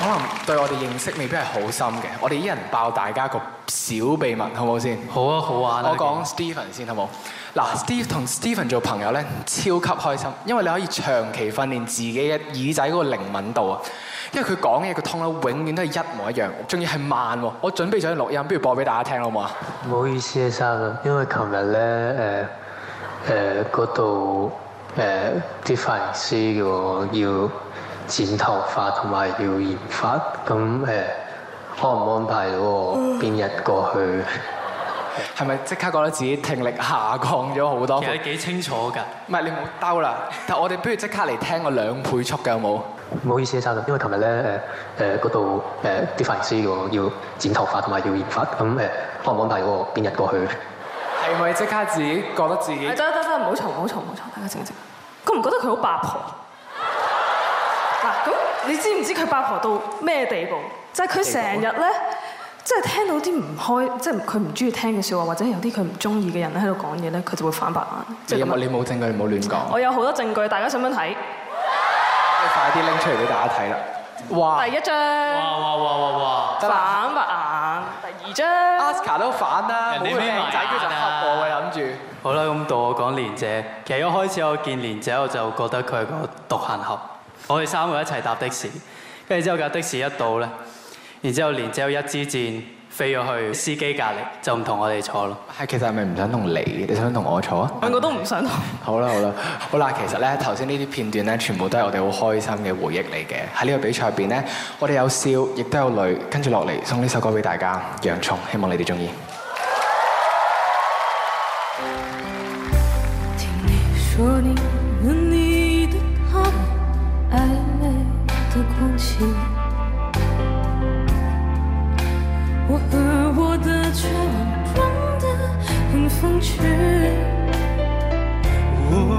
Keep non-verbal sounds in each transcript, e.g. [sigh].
可能對我哋認識未必係好深嘅，我哋一人爆大家個小秘密，好唔好先？好啊，好玩好啊！我講 Steven 先，好冇？嗱，Steve 同 Steven 做朋友咧，超級開心，因為你可以長期訓練自己嘅耳仔嗰個靈敏度啊。因為佢講嘢，佢 tone 咧永遠都係一模一樣，仲要係慢喎。我準備咗啲錄音，不如播俾大家聽好冇啊？唔好意思啊，生啊，因為琴日咧誒誒嗰度啲髮型師嘅喎要。呃呃呃剪頭髮同埋要染髮，咁誒安唔安排到邊日過去？係咪即刻覺得自己聽力下降咗好多？其實你幾清楚㗎，唔係你冇兜啦。 [laughs] 但我哋不如即刻嚟聽個兩倍速嘅好冇？唔好意思啊，沙龍，因為琴日咧誒誒嗰度誒啲髮型師要要剪頭髮同埋要染髮，咁誒安唔安排到邊日過去？係咪即刻自己覺得自己？得得得，唔好嘈，唔好嘈，唔好嘈，大家靜，靜一靜。佢唔覺得佢好八婆？嗱，咁你知唔知佢八婆到咩地，地步？就係佢成日咧，即係聽到啲唔開，即係佢唔中意聽嘅笑話，或者有啲佢唔中意嘅人喺度講嘢咧，佢就會反白眼。即係咁，你冇證據，唔好亂講。我有好多證據，大家想唔想睇？快啲拎出嚟俾大家睇啦！哇，第一張。哇哇哇哇哇！反白眼。第二張。阿 scar 都反啦，好靚仔，佢就黑我嘅諗住。好啦，咁到我講連姐。其實一開始我見連姐我就覺得佢係個獨行俠。我哋三個一齊搭的士，跟住之後架的士一到咧，然之後連只有一支箭飛咗去司機隔籬，就唔同我哋坐咯。係其實係咪唔想同你？你想同我坐啊？兩個都唔想同。 [laughs] 好啦好啦，好啦，其實咧頭先呢啲片段咧，全部都係我哋好開心嘅回憶嚟嘅。喺呢個比賽入邊咧，我哋有笑，亦都有淚。跟住落嚟送呢首歌俾大家，《洋葱》，希望你哋中意。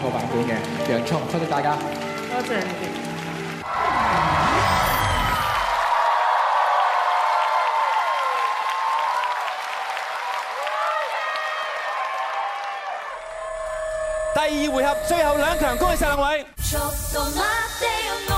個版本嘅楊聰，多謝，謝大家。多謝，謝你。 [music] 第二回合最後兩強，恭喜兩位。 [music]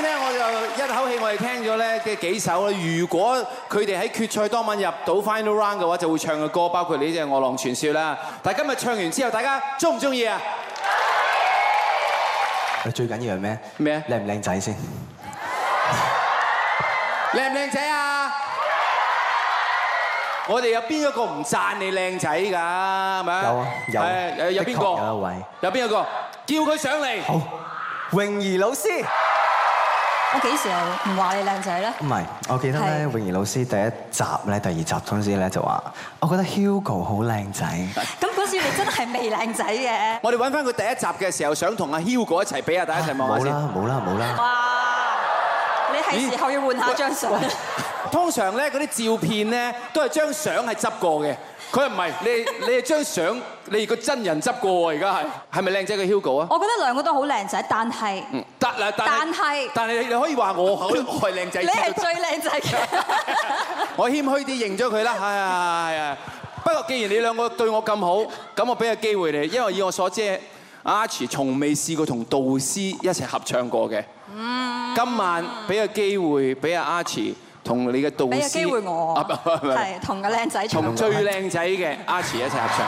先咧，我就一口氣我哋聽咗咧嘅幾首啦。如果佢哋喺決賽當晚入到 final round 嘅話，就會唱嘅歌，包括呢隻《惡狼傳說》啦。但係今日唱完之後，大家鍾唔鍾意啊？最緊要係咩？咩啊？靚唔靚仔先？靚唔靚仔啊？我哋有邊一個唔讚你靚仔㗎？係咪啊？有啊，有。的確有一位。有邊一個？叫佢上嚟。好，泳兒老師。我幾時又唔話你靚仔咧？唔係，我記得咧，泳兒老師第一集咧、第二集嗰陣時咧就話，我覺得 Hugo 好靚仔。咁嗰時你真係未靚仔嘅。我哋搵翻佢第一集嘅時候，想同阿 Hugo 一齊比下，大家一齊望下先。冇啦，冇啦，冇啦。哇！你係時候要換下張相。通常咧，嗰啲照片咧都係張相係執過嘅，佢唔係，你你係張相。你個真人執過喎，而家係係咪靚仔嘅 Hugo 啊？我覺得兩個都好靚仔，但係嗯，但係但係但係你你可以話我好我係靚仔，你係最靚仔嘅。我謙虛啲認咗佢啦，係啊係啊。不過既然你兩個對我咁好，咁我俾個機會你，因為以我所知，Archie 從未試過同導師一齊合唱過嘅。嗯，今晚俾個機會俾阿 Archie，同你嘅導師，俾個機會我，唔係同個靚仔。同最靚仔嘅阿慈一齊合唱，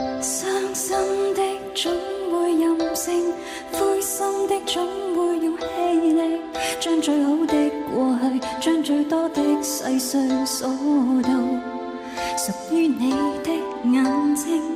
嗯。傷心的總會任性，灰心的總會用氣力，將最好的過去，將最多的細碎鎖到屬於你的眼睛。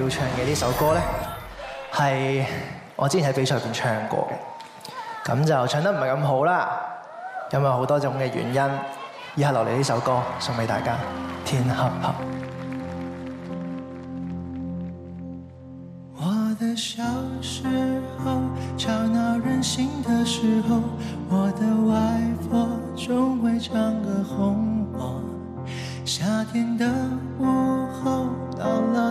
要唱嘅呢首歌咧，係我之前喺比賽入邊唱過嘅，咁就唱得唔係咁好啦，因為好多種嘅原因，以下落嚟，呢首歌送俾大家。天黑黑，我的小時候吵鬧任性的時候，我的外婆總會唱歌哄我，夏天的午後，到了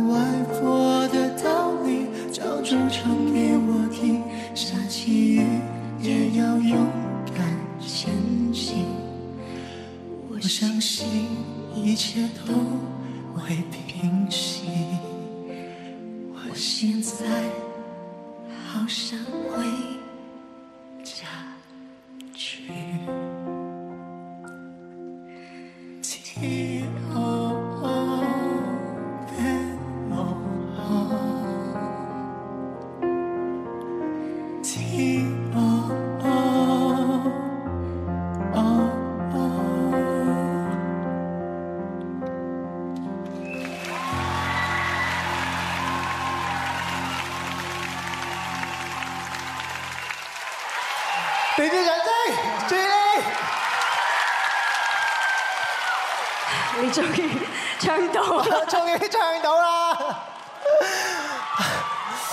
終於唱到啦！終於唱到啦！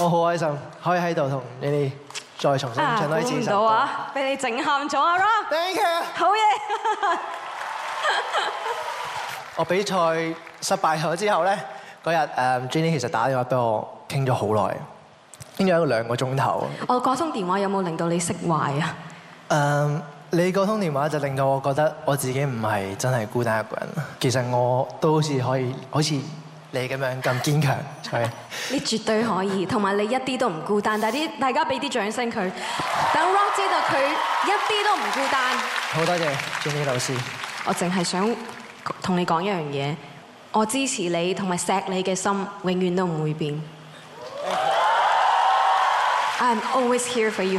我好開心，可以喺度同你哋再重新唱多一次啊，俾你整喊咗啊！Thank you。好嘢！我比賽失敗咗之後咧，嗰日誒 Jenny 其實打電話俾我傾咗好耐，傾咗兩個鐘頭。我嗰通電話有冇令到你釋懷啊？誒。你個通電話就令到我覺得我自己唔係真係孤單一個人。其實我都好似可以，好似你咁樣咁堅強，係。你絕對可以，同埋你一啲都唔孤單。但啲大家俾啲掌聲佢，等 Rock 知道佢一啲都唔孤單。好多謝，Jennie 老師。我淨係想同你講一樣嘢，我支持你同埋錫你嘅心永遠都唔會變。I'm always here for you.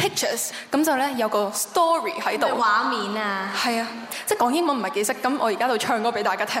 pictures 咁就咧有個 story 喺度，畫面啊，係啊，即係講英文唔係幾識，咁我而家就唱歌俾大家聽。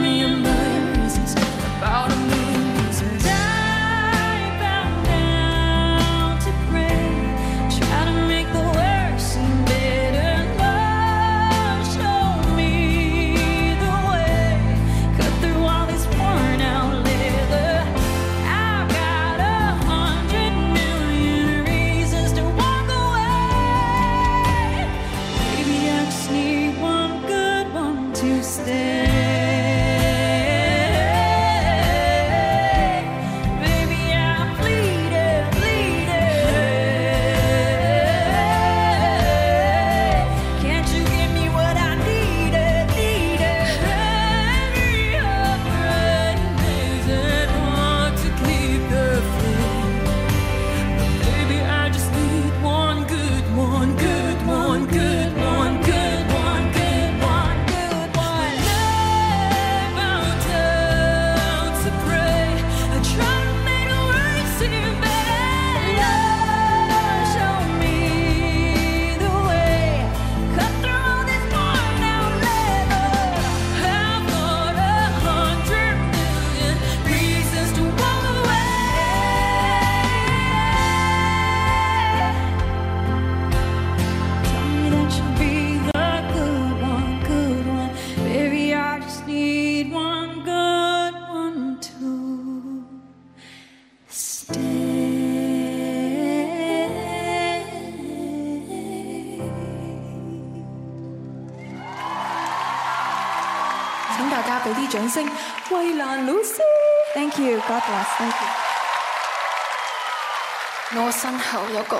我身後有個，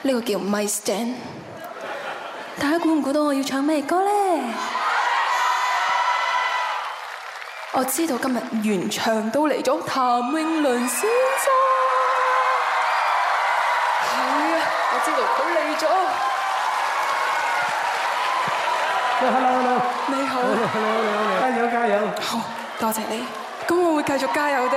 呢個叫 My Stand。大家估唔估到我要唱咩歌咧？我知道今日原唱都嚟咗譚詠麟先生。係啊，我知道都嚟咗。Hello，Hello，你好，加油加油。好，多謝你。咁我會繼續加油的。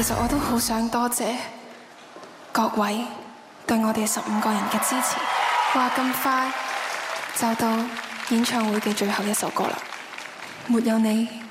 其實我都好想多謝各位對我哋十五個人嘅支持，話咁快就到演唱會嘅最後一首歌啦，沒有你。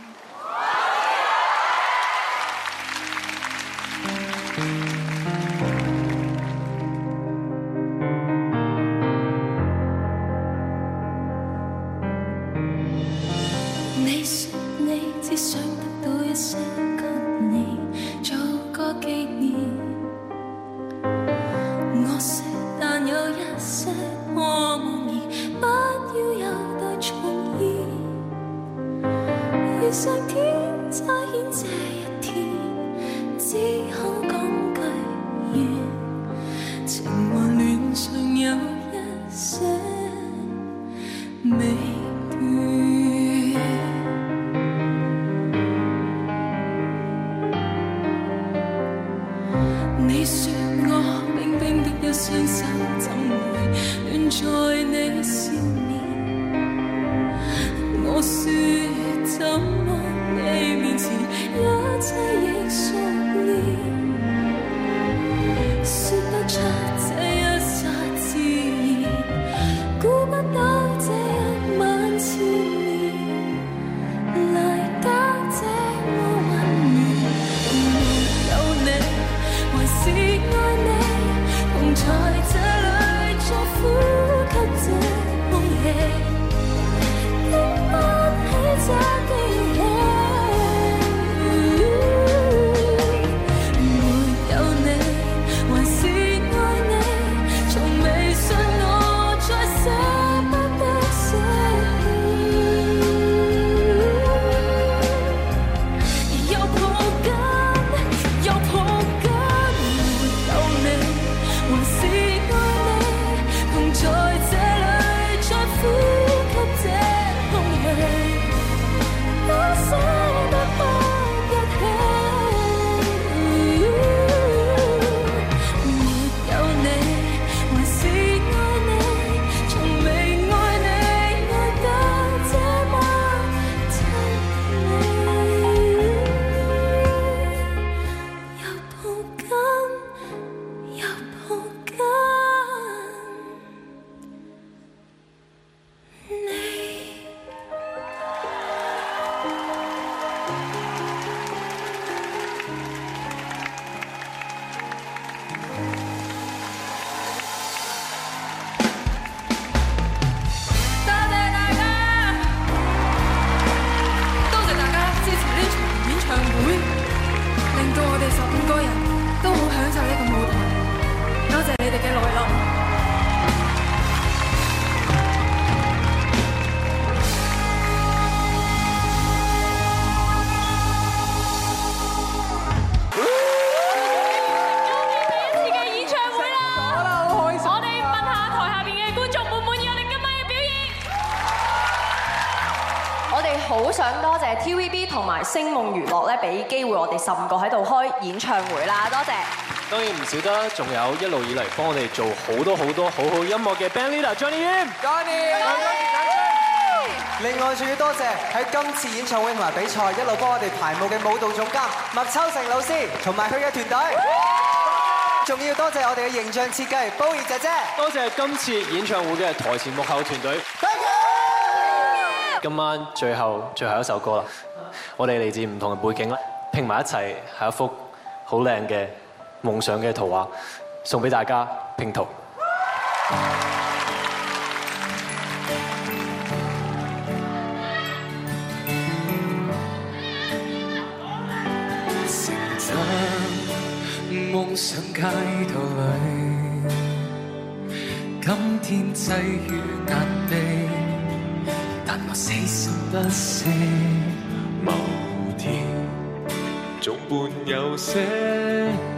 當然唔少得，仲有一路以嚟幫我哋做好多好多好好音樂嘅 Band Leader Johnny Yim，過年，過年，過年。另外仲要多謝喺今次演唱會同埋比賽一路幫我哋排舞嘅舞蹈總監麥秋成老師，同埋佢嘅團隊。仲要多謝我哋嘅形象設計包熱姐姐。多謝今次演唱會嘅台前幕後團隊。多謝。今晚最後最後一首歌啦，我哋嚟自唔同嘅背景咧，拼埋一齊係一幅好靚嘅。夢想嘅圖畫，送給大家拼圖。成長夢想街道裡，今天際遇難地，但我死心不死，某天總會有些。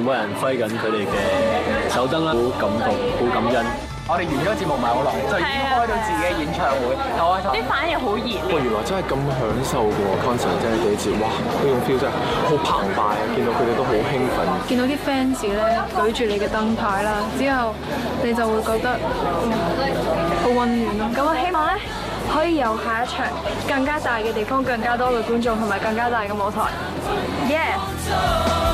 冇人揮緊佢哋嘅手燈啦，好感動，好感恩。我哋完咗個節目唔係好耐，就已經開到自己嘅演唱會。有啊，啲反應好熱。哇，原來真係咁享受嘅喎，concert 真係幾熱。哇，呢個 feel 真係好澎湃啊！見到佢哋都好興奮。見到啲 fans 咧舉住你嘅燈牌啦，之後你就會覺得好溫暖咯。咁我希望咧可以有下一場更加大嘅地方，更加多嘅觀眾同埋更加大嘅舞台。Yes